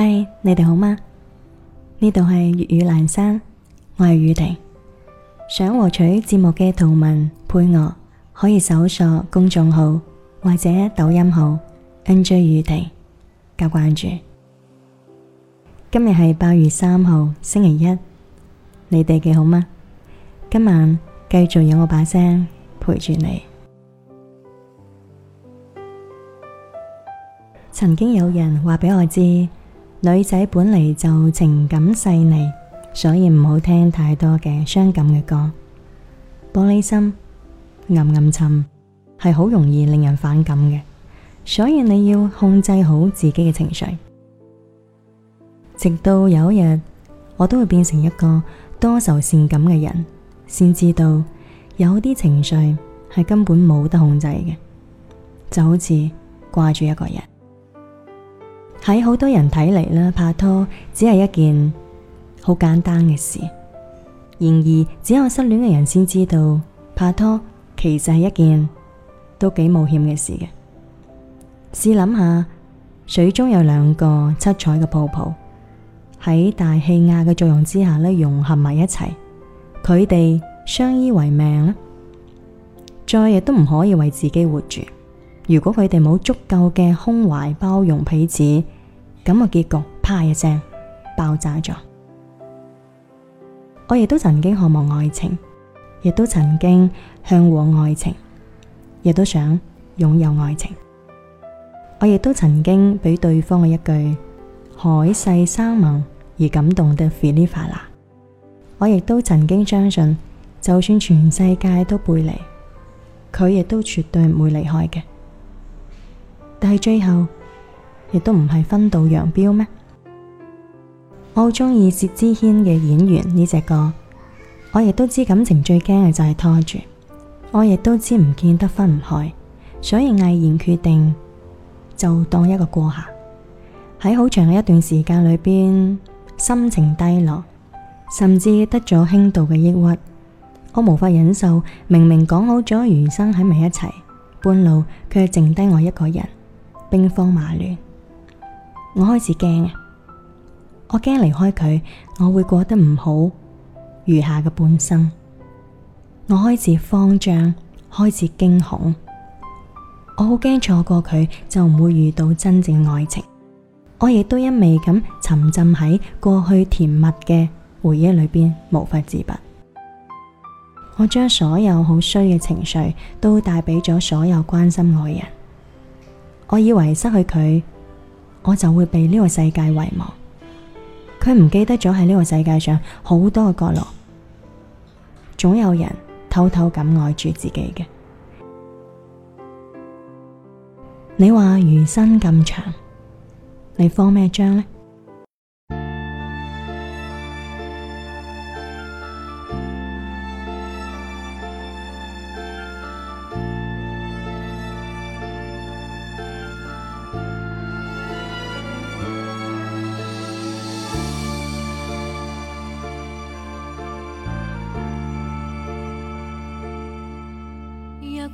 嗨，Hi, 你哋好嗎？呢度係粵語闌珊，我係宇婷。想獲取節目嘅圖文配樂，可以搜索公眾號或者抖音號 N J 宇婷加關注。今日係八月三號，星期一，你哋幾好嗎？今晚繼續有我把聲陪住你。曾經有人話畀我知。女仔本嚟就情感細膩，所以唔好聽太多嘅傷感嘅歌。玻璃心、暗暗沉，係好容易令人反感嘅。所以你要控制好自己嘅情緒。直到有一日，我都會變成一個多愁善感嘅人，先知道有啲情緒係根本冇得控制嘅，就好似掛住一個人。喺好多人睇嚟咧，拍拖只係一件好簡單嘅事。然而，只有失戀嘅人先知道，拍拖其實係一件都幾冒險嘅事嘅。試諗下，水中有兩個七彩嘅泡泡，喺大氣壓嘅作用之下呢，融合埋一齊，佢哋相依為命啦，再亦都唔可以為自己活住。如果佢哋冇足夠嘅胸懷包容彼此，咁嘅結局啪一聲爆炸咗。我亦都曾經渴望愛情，亦都曾經向往愛情，亦都想擁有愛情。我亦都曾經俾對方嘅一句海誓山盟而感動得稀里嘩啦。我亦都曾經相信，就算全世界都背離佢，亦都絕對唔會離開嘅。但係最後亦都唔係分道揚鑣咩？我好中意薛之謙嘅演員呢隻歌。我亦都知感情最驚嘅就係拖住，我亦都知唔見得分唔開，所以毅然決定就當一個過客。喺好長嘅一段時間裏邊，心情低落，甚至得咗輕度嘅抑鬱。我無法忍受，明明講好咗餘生喺埋一齊，半路卻剩低我一個人。兵荒馬亂，我開始驚啊！我驚離開佢，我會過得唔好。餘下嘅半生，我開始慌張，開始驚恐。我好驚錯過佢，就唔會遇到真正嘅愛情。我亦都一味咁沉浸喺過去甜蜜嘅回憶裏邊，無法自拔。我將所有好衰嘅情緒都帶俾咗所有關心我嘅人。我以為失去佢，我就會被呢個世界遺忘。佢唔記得咗喺呢個世界上好多個角落，總有人偷偷咁愛住自己嘅。你話餘生咁長，你慌咩張呢？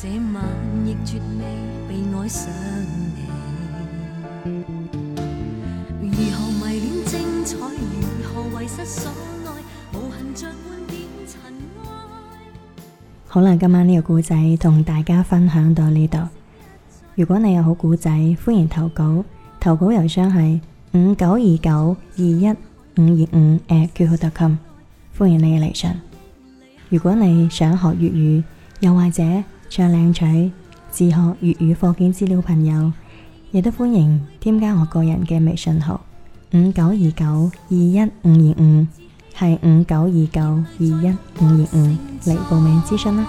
這晚絕被愛上以後迷戀精彩，以後遺失所愛無點塵埃。好啦，今晚呢個故仔同大家分享到呢度。如果你有好故仔，歡迎投稿，投稿郵箱係五九二九二一五二五 at QQ dot com 歡迎你嘅嚟信。如果你想學粵語，又或者。想領取自學粵語課件資料，朋友亦都歡迎添加我個人嘅微信號五九二九二一五二五，係五九二九二一五二五嚟報名諮詢啦。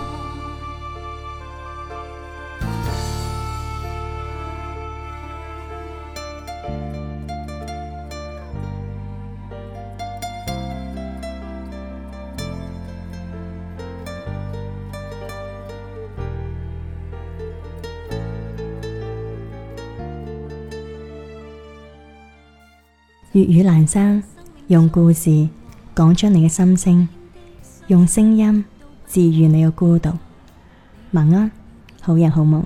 粵語闌珊，用故事講出你嘅心聲，用聲音治愈你嘅孤獨。晚安，好人好夢。